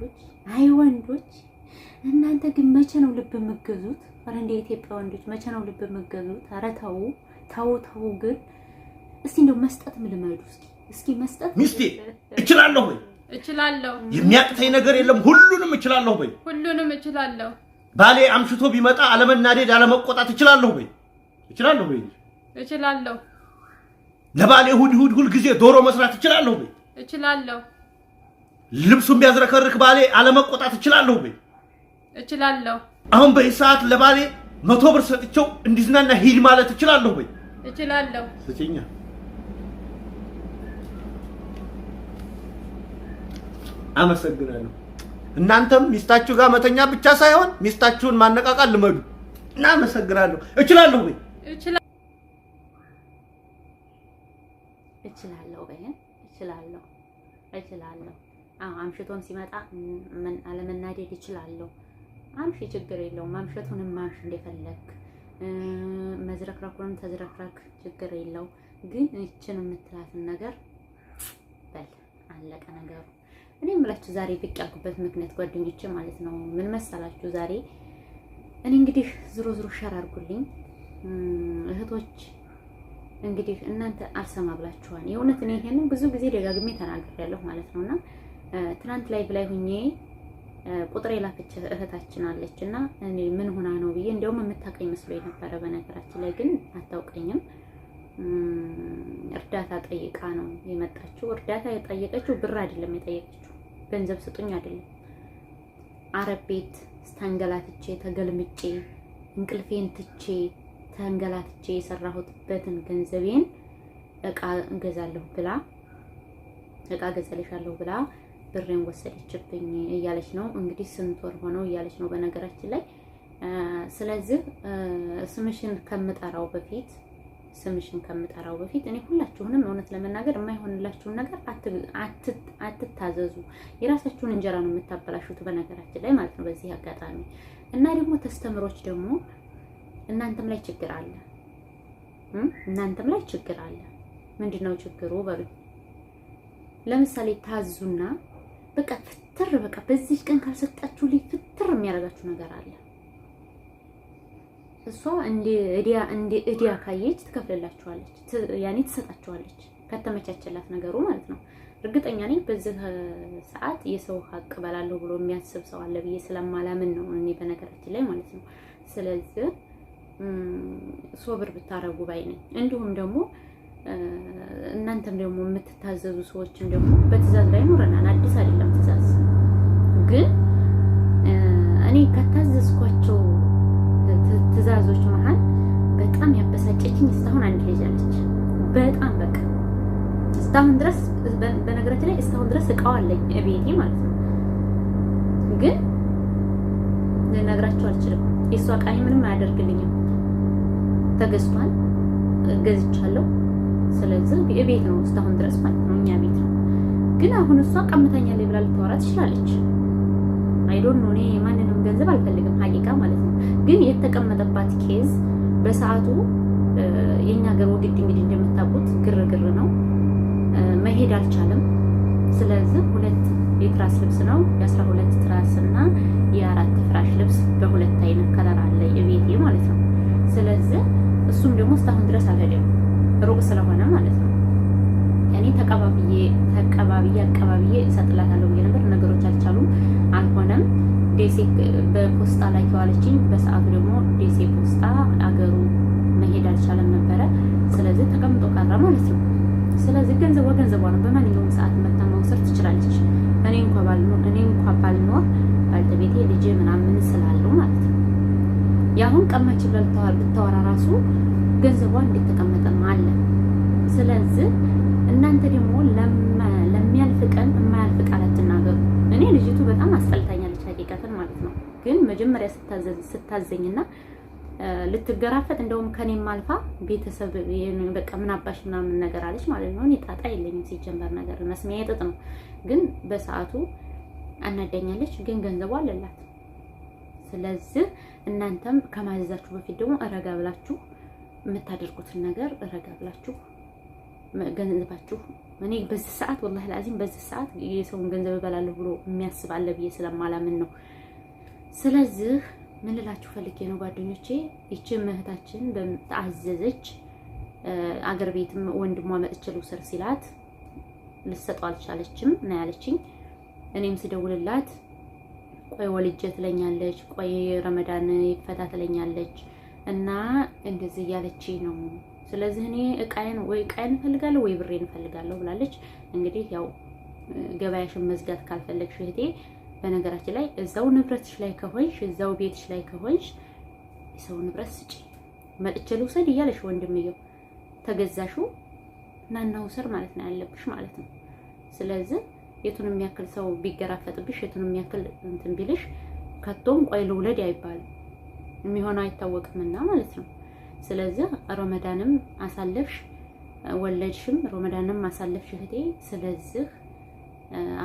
ወንዶች፣ አይ ወንዶች፣ እናንተ ግን መቼ ነው ልብ የምገዙት? ኧረ እንደ ኢትዮጵያ ወንዶች መቼ ነው ልብ የምገዙት? ኧረ ተው ተው ተው። ግን እስቲ እንደው መስጠት ምን ልመዱ እስኪ እስኪ መስጠት ሚስቴ እችላለሁ ወይ እችላለሁ፣ የሚያቅተኝ ነገር የለም። ሁሉንም እችላለሁ ወይ ሁሉንም እችላለሁ። ባሌ አምሽቶ ቢመጣ አለመናደድ፣ አለመቆጣት እችላለሁ ወይ እችላለሁ ወይ እችላለሁ። ለባሌ እሑድ እሑድ ሁልጊዜ ዶሮ መስራት እችላለሁ ወይ እችላለሁ። ልብሱን ቢያዝረከርክ ባሌ አለመቆጣት እችላለሁ በይ እችላለሁ። አሁን በዚህ ሰዓት ለባሌ መቶ ብር ሰጥቼው እንዲዝናና ሂድ ማለት እችላለሁ በይ እችላለሁ። ስጪኛ አመሰግናለሁ። እናንተም ሚስታችሁ ጋር መተኛ ብቻ ሳይሆን ሚስታችሁን ማነቃቃት ልመዱ እና እችላለሁ በይ እችላለሁ እችላለሁ እችላለሁ አምሽቶም ሲመጣ ምን አለመናደድ እችላለሁ። አምሽ ችግር የለውም። አምሸቱንም አምሽ እንደፈለክ መዝረክረኩንም ተዝረክረክ ችግር የለው። ግን እችን የምትላትን ነገር በል አለቀ ነገሩ። እኔ የምላችሁ ዛሬ ብቅ ያልኩበት ምክንያት ጓደኞቼ ማለት ነው ምን መሰላችሁ? ዛሬ እኔ እንግዲህ ዝሮ ዝሮ ሸር አድርጉልኝ እህቶች። እንግዲህ እናንተ አልሰማ ብላችኋል። የእውነት እኔ ይሄንን ብዙ ጊዜ ደጋግሜ ተናግሬያለሁ ማለት ነውና ትናንት ላይ ብላይ ሁኜ ቁጥር የላከች እህታችን አለች እና እኔ ምን ሆና ነው ብዬ እንዲያውም የምታውቀኝ መስሎ የነበረ በነገራችን ላይ ግን አታውቀኝም። እርዳታ ጠይቃ ነው የመጣችው። እርዳታ የጠየቀችው ብር አይደለም የጠየቀችው፣ ገንዘብ ስጡኝ አይደለም። አረብ ቤት ስታንገላትቼ ተገልምጬ እንቅልፌን ትቼ ተንገላትቼ የሰራሁትበትን ገንዘቤን እቃ እገዛለሁ ብላ እቃ እገዛልሻለሁ ብላ ብሬን ወሰደችብኝ እያለች ነው እንግዲህ ስንት ወር ሆነው እያለች ነው በነገራችን ላይ ስለዚህ ስምሽን ከምጠራው በፊት ስምሽን ከምጠራው በፊት እኔ ሁላችሁንም እውነት ለመናገር የማይሆንላችሁን ነገር አትታዘዙ። የራሳችሁን እንጀራ ነው የምታበላሹት በነገራችን ላይ ማለት ነው በዚህ አጋጣሚ እና ደግሞ ተስተምሮች ደግሞ እናንተም ላይ ችግር አለ፣ እናንተም ላይ ችግር አለ። ምንድን ነው ችግሩ በሉ። ለምሳሌ ታዙና በቃ ፍትር በቃ በዚህ ቀን ካልሰጣችሁ ልጅ ፍትር የሚያደርጋችሁ ነገር አለ። እሷ እንደ እዲያ እዲያ ካየች ትከፍልላችኋለች፣ ያኔ ትሰጣችኋለች። ከተመቻቸላት ነገሩ ማለት ነው። እርግጠኛ ነኝ በዚህ ሰዓት የሰው ሀቅ በላለሁ ብሎ የሚያስብ ሰው አለ ብዬ ስለማላምን ነው እኔ በነገራችን ላይ ማለት ነው። ስለዚህ ሶብር ብታረጉ ባይ ነኝ። እንዲሁም ደግሞ እናንተም ደግሞ የምትታዘዙ ሰዎችም ደግሞ በትእዛዝ ላይ ኖረናል። አዲስ አይደለም ትእዛዝ። ግን እኔ ከታዘዝኳቸው ትእዛዞች መሀል በጣም ያበሳጨችኝ እስካሁን አንድ ልጅ አለች። በጣም በቃ እስካሁን ድረስ በነገራችን ላይ እስካሁን ድረስ እቃው አለኝ እቤቴ ማለት ነው። ግን ልነግራቸው አልችልም። የእሷ እቃ ምንም አያደርግልኝም። ተገዝቷል፣ ገዝቻለሁ ስለዚህ ቤት ነው እስካሁን ድረስ ማለት ነው፣ እኛ ቤት ነው። ግን አሁን እሷ ቀምተኛ ላይ ብላ ልታወራ ትችላለች። አይዶን ነው እኔ ማንንም ገንዘብ አልፈልግም፣ ሀቂቃ ማለት ነው። ግን የተቀመጠባት ኬዝ በሰዓቱ የእኛ ገበው ግድ እንግዲህ እንደምታውቁት ግርግር ነው፣ መሄድ አልቻለም። ስለዚህ ሁለት የትራስ ልብስ ነው የአስራ ሁለት ትራስ እና የአራት ፍራሽ ልብስ በሁለት አይነት ከለር አለ የቤቴ ማለት ነው። ስለዚህ እሱም ደግሞ እስካሁን ድረስ አልሄደም። ሩቅ ስለሆነ ማለት ነው። እኔ ተቀባብዬ ተቀባብዬ አቀባብዬ እሰጥላታለሁ ብዬ ነበር። ነገሮች አልቻሉም፣ አልሆነም። ደሴ በፖስጣ ላይ ከዋለችኝ በሰዓቱ ደግሞ ደሴ ፖስጣ አገሩ መሄድ አልቻለም ነበረ። ስለዚህ ተቀምጦ ቀረ ማለት ነው። ስለዚህ ገንዘቧ ገንዘቧ ነው። በማንኛውም ሰዓት መታ መውሰድ ትችላለች። እኔ እንኳ ባልኖር እኔ እንኳ ባልኖር ባልተቤቴ ልጅ ምናምን ስላለው ማለት ነው። የአሁን ቀመች ብላ ብታወራ ራሱ ገንዘቧ እንደተቀመጠ አለ። ስለዚህ እናንተ ደግሞ ለሚያልፍ ቀን የማያልፍ ቃል አትናገሩ። እኔ ልጅቱ በጣም አስጠልታኛለች፣ ሀቂቀትን ማለት ነው። ግን መጀመሪያ ስታዘኝና ልትገራፈጥ እንደውም ከኔም አልፋ ቤተሰብ በቃ ምን አባሽ ምናምን ነገር አለች ማለት ነው። እኔ ጣጣ የለኝም ሲጀመር ነገር መስሚያ የጥጥ ነው። ግን በሰዓቱ አናዳኛለች፣ ግን ገንዘቡ አለላት። ስለዚህ እናንተም ከማዘዛችሁ በፊት ደግሞ ረጋ ብላችሁ የምታደርጉትን ነገር ረጋ ብላችሁ ገንዘባችሁ እኔ በዚህ ሰዓት ወላሂ ለአዚም በዚህ ሰዓት የሰውን ገንዘብ እበላለሁ ብሎ የሚያስብ አለ ብዬ ስለማላምን ነው። ስለዚህ ምን ፈልጌ ነው ጓደኞቼ፣ ይቺ እህታችን ታዘዘች አገር ቤትም ወንድሟ መጥቼ ልውሰድ ሲላት ልትሰጠው አልቻለችም እና ያለችኝ እኔም ስደውልላት ቆይ ወልጄ ትለኛለች፣ ቆይ ረመዳን ይፈታ ትለኛለች እና እንደዚህ እያለች ነው። ስለዚህ እኔ እቃዬን ወይ እቃዬን እፈልጋለሁ ወይ ብሬን እፈልጋለሁ ብላለች። እንግዲህ ያው ገበያሽን መዝጋት ካልፈለግሽ እህቴ፣ በነገራችን ላይ እዛው ንብረትሽ ላይ ከሆንሽ እዛው ቤትሽ ላይ ከሆንሽ የሰው ንብረት ስጪ መጥቼ ልውሰድ እያለሽ ወንድምየው ተገዛሹ ናና ውሰድ ማለት ነው ያለብሽ ማለት ነው። ስለዚህ የቱን የሚያክል ሰው ቢገራፈጥብሽ የቱን የሚያክል እንትን ቢልሽ ከቶም ቆይ ልውለድ አይባልም። የሚሆነው አይታወቅምና ማለት ነው። ስለዚህ ሮመዳንም አሳለፍሽ ወለድሽም ሮመዳንም አሳለፍሽ እህቴ። ስለዚህ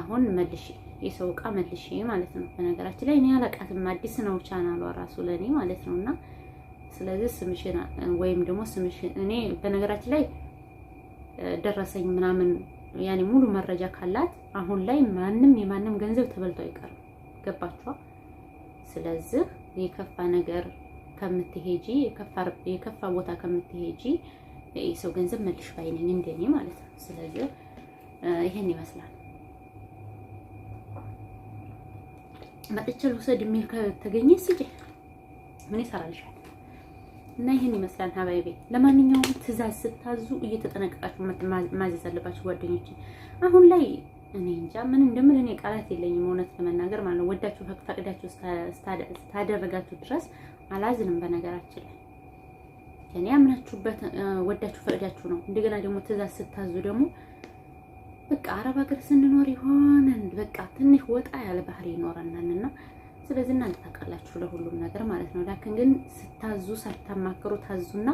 አሁን መልሽ የሰው ቃ መልሽ ማለት ነው። በነገራችን ላይ እኔ አላቃትም አዲስ ነው ቻናሏ ራሱ ለእኔ ማለት ነው እና ስለዚህ ስምሽን ወይም ደግሞ ስምሽን እኔ በነገራችን ላይ ደረሰኝ ምናምን ያኔ ሙሉ መረጃ ካላት አሁን ላይ ማንም የማንም ገንዘብ ተበልቶ አይቀርም። ገባችኋ? ስለዚህ የከፋ ነገር ከምትሄጂ የከፋ ቦታ ከምትሄጂ የሰው ገንዘብ መልሽ ባይነኝ እንደኔ ማለት ነው። ስለዚህ ይሄን ይመስላል። መጥቼ ልውሰድ የሚል ከተገኘ ስጪ፣ ምን ይሰራልሻል? እና ይህን ይመስላል ሀባይቤ። ለማንኛውም ትዛዝ ስታዙ እየተጠነቀቃችሁ ማዘዝ አለባችሁ ጓደኞች አሁን ላይ እኔ እንጃ ምን እንደምን እኔ ቃላት የለኝም፣ እውነት ለመናገር ማለት ነው። ወዳችሁ ፈቅዳችሁ ስታደረጋችሁ ድረስ አላዝንም። በነገራችን ላይ እኔ ያምናችሁበት ወዳችሁ ፈቅዳችሁ ነው። እንደገና ደግሞ ትእዛዝ ስታዙ ደግሞ በቃ አረብ ሀገር ስንኖር ይሆን በቃ ትንሽ ወጣ ያለ ባህሪ ይኖረናል እና ስለዚህ እናንተ ታውቃላችሁ ለሁሉም ነገር ማለት ነው። ላክን ግን ስታዙ ሳታማክሩ ታዙና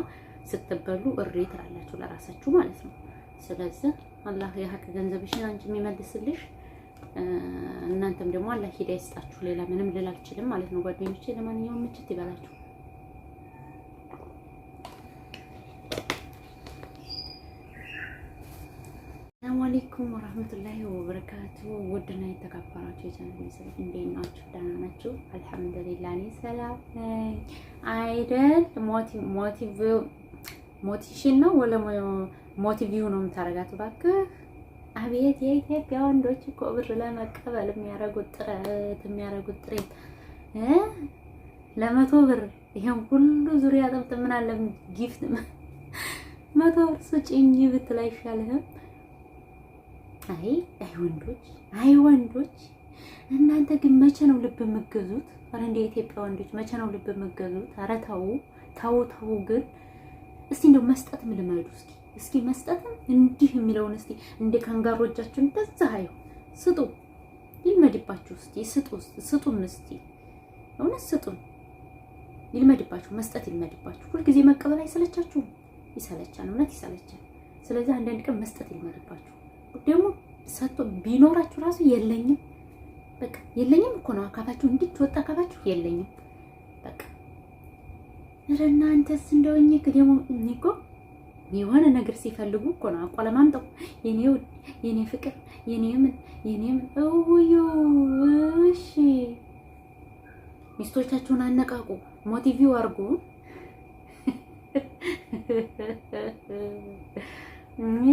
ስትበሉ እሪ ትላላችሁ ለራሳችሁ ማለት ነው። ስለዚህ አላህ የሀቅ ገንዘብሽን አንቺ የሚመልስልሽ እናንተም ደግሞ አላህ ሂዳ ይስጣችሁ። ሌላ ምንም ልል አልችልም ማለት ነው ጓደኞቼ። ለማንኛውም ምችት ይበላችሁ። ሰላሙ አሌይኩም ወራህመቱላሂ ወበረካቱ። ውድና የተከበራችሁ የቻናል ቤተሰቦች እንዴት ናችሁ? ደህና ናችሁ? አልሐምዱሊላህ እኔ ሰላም ነኝ አይደል ሞቲቭ ሞቲሽን ነው ወለ ሞቲቭ ይሁን ነው የምታረጋት? እባክህ አቤት የኢትዮጵያ ወንዶች እኮ ብር ለመቀበል የሚያረጉት ጥረት የሚያረጉት ጥሬት ለመቶ ብር ይሄን ሁሉ ዙሪያ ጥምጥ ምን አለ ጊፍት መቶ ብር ስጪኝ ብትል አይሻልህም? አይ አይ ወንዶች አይ ወንዶች እናንተ ግን መቼ ነው ልብ የምገዙት? አረ እንደ ኢትዮጵያ ወንዶች መቼ ነው ልብ የምገዙት? አረ ተው ተው ተው ግን እስቲ እንደው መስጠት ምልመዱ እስኪ እስኪ መስጠትም እንዲህ የሚለውን እስቲ እንደ ካንጋሮ እጃችሁን እንደዛ ሀዩ ስጡ፣ ይልመድባችሁ እስቲ ስጡ፣ ስጡን እስቲ እውነት ስጡን፣ ይልመድባችሁ፣ መስጠት ይልመድባችሁ። ሁልጊዜ መቀበል አይሰለቻችሁም? ይሰለቻል፣ እውነት ይሰለቻል። ስለዚህ አንዳንድ ቀን መስጠት ይልመድባችሁ። ደግሞ ሰጥቶ ቢኖራችሁ ራሱ የለኝም በቃ የለኝም እኮ ነው አካታችሁ እንድትወጣ አካታችሁ የለኝም ኧረ እናንተስ እንደውኝ ደግሞ እኮ የሆነ ነገር ሲፈልጉ እኮ ነው አቆለማምጠው የኔው የኔ ፍቅር የኔ ምን የኔ ምን እውዩ እሺ ሚስቶቻችሁን አነቃቁ፣ ሞቲቪው አድርጉ።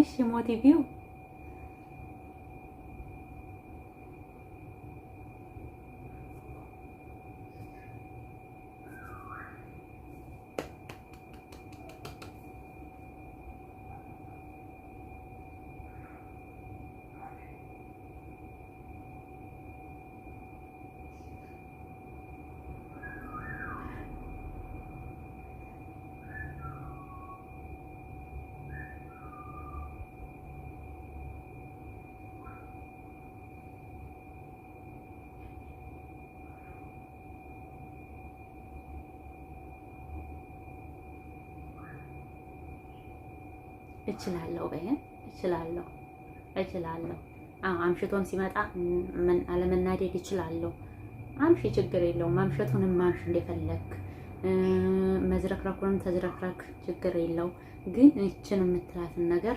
እሺ ሞቲቪው እችላለሁ በይን እችላለሁ እችላለሁ። አዎ አምሽቶም ሲመጣ ምን አለመናደድ እችላለሁ። አምሽ ችግር የለውም። ማምሸቱንም ማምሽ እንደፈለክ መዝረክረኩንም ተዝረክረክ ችግር የለው። ግን እችን የምትላትን ነገር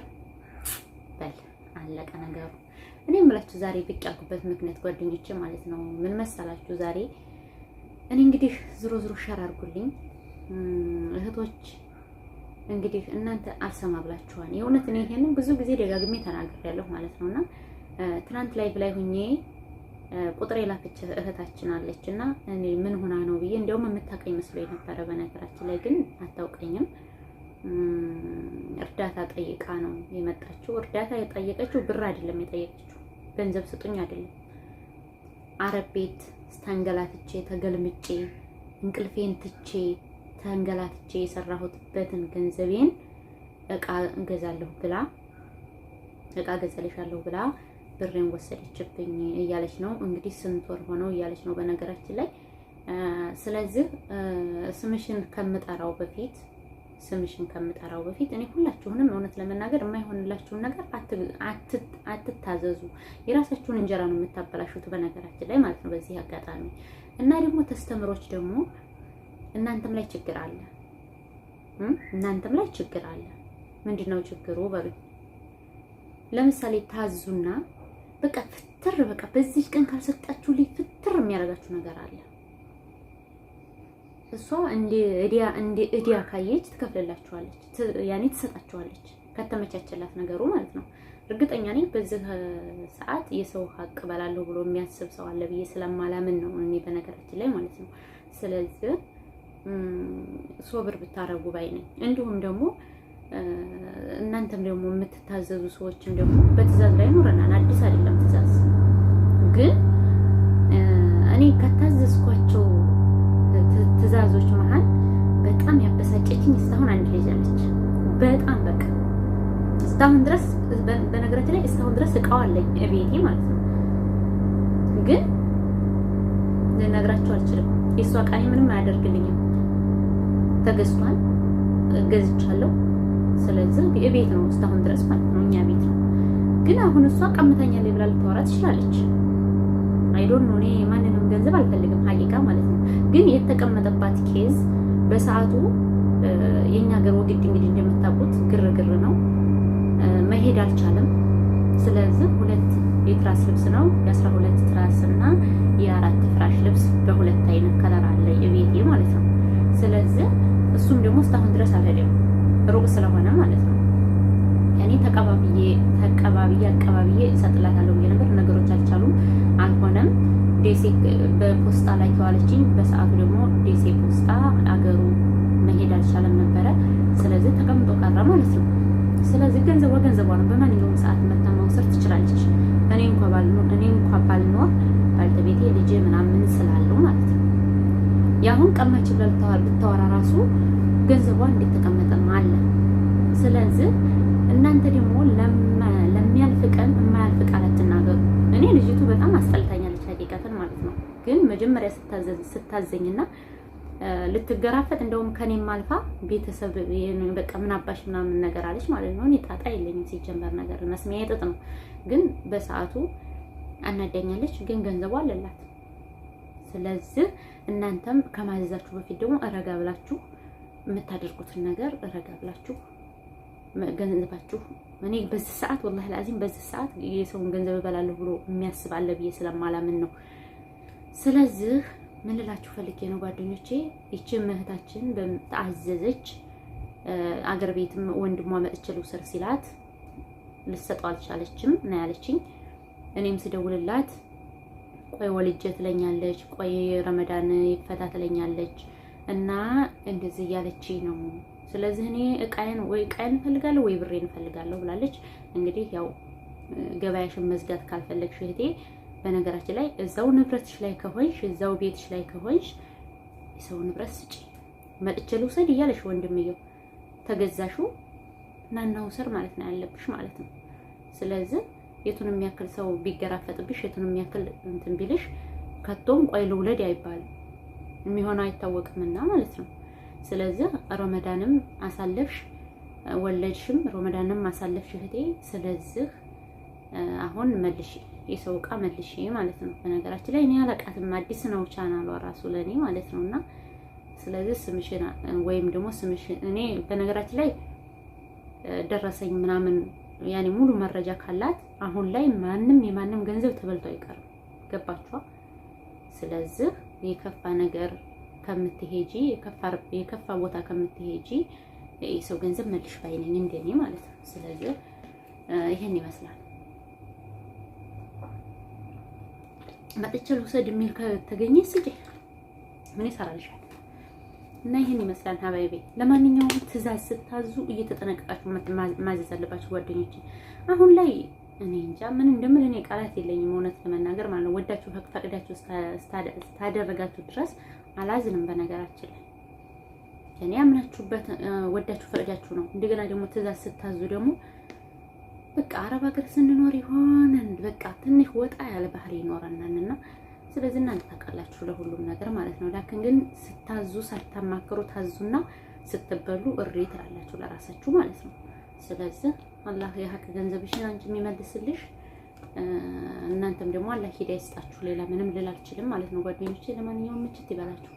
በል አለቀ ነገሩ። እኔ የምላችሁ ዛሬ ብቅ ያልኩበት ምክንያት ጓደኞቼ ማለት ነው ምን መሰላችሁ? ዛሬ እኔ እንግዲህ ዝሮ ዝሮ ሸር አድርጉልኝ እህቶች እንግዲህ እናንተ አልሰማ ብላችኋል። የእውነት እኔ ይሄንን ብዙ ጊዜ ደጋግሜ ተናግሬያለሁ ማለት ነውና ትናንት ላይ ብላይ ሁኜ ቁጥር የላከች እህታችን አለች እና እኔ ምን ሆና ነው ብዬ እንዲያውም የምታውቀኝ መስሎ የነበረ በነገራችን ላይ ግን አታውቀኝም። እርዳታ ጠይቃ ነው የመጣችው። እርዳታ የጠየቀችው ብር አይደለም የጠየቀችው፣ ገንዘብ ስጡኝ አይደለም። አረብ ቤት ስተንገላትቼ ተገልምጬ እንቅልፌን ትቼ ተንገላትቼ የሰራሁትበትን ገንዘቤን እቃ እንገዛለሁ ብላ እቃ ገዛልሻለሁ ብላ ብሬን ወሰደችብኝ እያለች ነው እንግዲህ። ስንት ወር ሆነው እያለች ነው በነገራችን ላይ። ስለዚህ ስምሽን ከምጠራው በፊት ስምሽን ከምጠራው በፊት እኔ ሁላችሁንም እውነት ለመናገር የማይሆንላችሁን ነገር አትታዘዙ። የራሳችሁን እንጀራ ነው የምታበላሹት በነገራችን ላይ ማለት ነው። በዚህ አጋጣሚ እና ደግሞ ተስተምሮች ደግሞ እናንተም ላይ ችግር አለ፣ እናንተም ላይ ችግር አለ። ምንድን ነው ችግሩ በሉኝ። ለምሳሌ ታዙና በቃ ፍትር በቃ በዚህ ቀን ካልሰጣችሁ ልጅ ፍትር የሚያደርጋችሁ ነገር አለ። እሷ እንደ እዲያ እንደ እዲያ ካየች ትከፍልላችኋለች፣ ያኔ ትሰጣችኋለች። ከተመቻቸላት ነገሩ ማለት ነው። እርግጠኛ ነኝ በዚህ ሰዓት የሰው ሀቅ በላለሁ ብሎ የሚያስብ ሰው አለ ብዬ ስለማላምን ነው እኔ በነገራችን ላይ ማለት ነው። ስለዚህ ሶብር ብታረጉ ባይ ነኝ። እንዲሁም ደግሞ እናንተም ደግሞ የምትታዘዙ ሰዎችን ደግሞ በትእዛዝ ላይ ኖረናል። አዲስ አይደለም ትእዛዝ። ግን እኔ ከታዘዝኳቸው ትእዛዞች መሀል በጣም ያበሳጨችኝ እስካሁን አንድ ልጅ አለች። በጣም በቃ እስካሁን ድረስ በነገራችን ላይ እስካሁን ድረስ እቃው አለኝ እቤቴ ማለት ነው። ግን ልነግራቸው አልችልም። የእሷ ቃል ምንም አያደርግልኝም። ተገዝቷል፣ ገዝቻለሁ። ስለዚህ ቤት ነው እስካሁን ድረስ ማለት ነው እኛ ቤት ነው። ግን አሁን እሷ ቀምተኛ ላይ ብላ ልታወራ ትችላለች። አይዶን ነው እኔ ማንንም ገንዘብ አልፈልግም ሀቂቃ ማለት ነው። ግን የተቀመጠባት ኬዝ በሰዓቱ የእኛ ሀገር ውድድ እንግዲህ እንደምታውቁት ግርግር ነው፣ መሄድ አልቻለም። ስለዚህ ሁለት የትራስ ልብስ ነው የአስራ ሁለት ትራስ እና የአራት ፍራሽ ልብስ በሁለት አይነት ከለር አለ የቤቴ ማለት ነው። ስለዚህ እሱም ደግሞ እስካሁን ድረስ አልሄደም፣ ሩቅ ስለሆነ ማለት ነው። ያኔ ተቀባብዬ ተቀባብዬ አቀባብዬ እሰጥላታለሁ ብዬ ነበር። ነገሮች አልቻሉም፣ አልሆነም። ደሴ በፖስታ ላይ ተዋለችኝ። በሰዓቱ ደግሞ ደሴ ፖስጣ አገሩ መሄድ አልቻለም ነበረ። ስለዚህ ተቀምጦ ቀረ ማለት ነው። ስለዚህ ገንዘቧ ገንዘቧ ነው። በማንኛውም ሰዓት መታ መውሰድ ትችላለች። እኔ እንኳ ባልኖር እኔ እንኳ ባልኖር ባልተቤቴ ልጄ ምናምን ስላለው ማለት ነው የአሁን ቀመች ብለን ብታወራ ራሱ ገንዘቧ እንደተቀመጠ አለ። ስለዚህ እናንተ ደግሞ ለሚያልፍ ቀን የማያልፍ ቃል አትናገሩ። እኔ ልጅቱ በጣም አስጠልታኛለች፣ ሀቂቃትን ማለት ነው። ግን መጀመሪያ ስታዘኝና ልትገራፈጥ እንደውም ከኔም አልፋ ቤተሰብ በቃ ምን አባሽ ምናምን ነገር አለች ማለት ነው። እኔ ጣጣ የለኝም ሲጀመር ነገር መስሚያ የጥጥ ነው። ግን በሰዓቱ አናደኛለች። ግን ገንዘቧ አለላት ስለዚህ እናንተም ከማዘዛችሁ በፊት ደግሞ ረጋ ብላችሁ የምታደርጉትን ነገር ረጋ ብላችሁ ገንዘባችሁ እኔ በዚህ ሰዓት ወላሂ ለአዚም በዚህ ሰዓት የሰውን ገንዘብ እበላለሁ ብሎ የሚያስብ አለ ብዬ ስለማላምን ነው። ስለዚህ ምን ልላችሁ ፈልጌ ነው ጓደኞቼ፣ ይቺ እህታችን ታዘዘች። አገር ቤትም ወንድሟ መጥቼ ልውሰድ ሲላት ልትሰጠው አልቻለችም ነው ያለችኝ። እኔም ስደውልላት ቆይ ወልጄ ትለኛለች፣ ቆይ ረመዳን ይፈታ ትለኛለች እና እንደዚህ እያለች ነው። ስለዚህ እኔ እቃዬን ወይ እቃዬን እፈልጋለሁ ወይ ብሬን እፈልጋለሁ ብላለች። እንግዲህ ያው ገበያሽን መዝጋት ካልፈለግሽ እህቴ፣ በነገራችን ላይ እዛው ንብረትሽ ላይ ከሆንሽ እዛው ቤትሽ ላይ ከሆንሽ የሰው ንብረት ስጪ መጥቼ ልውሰድ እያለሽ ወንድምየው ተገዛሹ ናና ውሰድ ማለት ነው ያለብሽ ማለት ነው። ስለዚህ የቱንም ያክል ሰው ቢገራፈጥብሽ፣ የቱንም ያክል እንትን ቢልሽ ከቶም ቆይ ልውለድ አይባልም። የሚሆነው አይታወቅምና ማለት ነው። ስለዚህ ሮመዳንም አሳለፍሽ ወለድሽም ሮመዳንም አሳለፍሽ እህቴ። ስለዚህ አሁን መልሽ የሰው እቃ መልሽ ማለት ነው። በነገራችን ላይ እኔ አላውቃትም፣ አዲስ ነው ቻናሏ ራሱ ለእኔ ማለት ነው። እና ስለዚህ ስምሽን ወይም ደግሞ ስምሽን እኔ በነገራችን ላይ ደረሰኝ ምናምን ያኔ ሙሉ መረጃ ካላት አሁን ላይ ማንም የማንም ገንዘብ ተበልቶ አይቀርም። ገባችኋ? ስለዚህ የከፋ ነገር ከምትሄጂ የከፋ ቦታ ከምትሄጂ የሰው ገንዘብ መልሽ ባይነኝ እንደኔ ማለት ነው። ስለዚህ ይሄን ይመስላል። መጥቼ ልውሰድ የሚል ከተገኘ ስጪ፣ ምን ይሰራልሻል? እና ይህን ይመስላል ሀባይቤ። ለማንኛውም ትዛዝ ስታዙ እየተጠነቀቃችሁ ማዘዝ አለባችሁ ጓደኞች አሁን ላይ እኔ እንጃ ምን እንደምን እኔ ቃላት የለኝም፣ እውነት ለመናገር ማለት ነው። ወዳችሁ ፈቅዳችሁ ስታደረጋችሁ ድረስ አላዝንም። በነገራችን ላይ እኔ ያምናችሁበት ወዳችሁ ፈቅዳችሁ ነው። እንደገና ደግሞ ትእዛዝ ስታዙ ደግሞ በቃ አረብ ሀገር ስንኖር ይሆንን በቃ ትንሽ ወጣ ያለ ባህሪ ይኖረናል እና ስለዚህ እናንተ ታውቃላችሁ ለሁሉም ነገር ማለት ነው። ላክን ግን ስታዙ ሳታማክሩ ታዙና ስትበሉ እሪ ትላላችሁ ለራሳችሁ ማለት ነው። ስለዚህ አላህ የሀቅ ገንዘብሽን አንቺ የሚመልስልሽ እናንተም ደግሞ አላህ ሂዳ ይስጣችሁ። ሌላ ምንም ልል አልችልም ማለት ነው ጓደኞቼ። ለማንኛውም ምችት ይበላችሁ።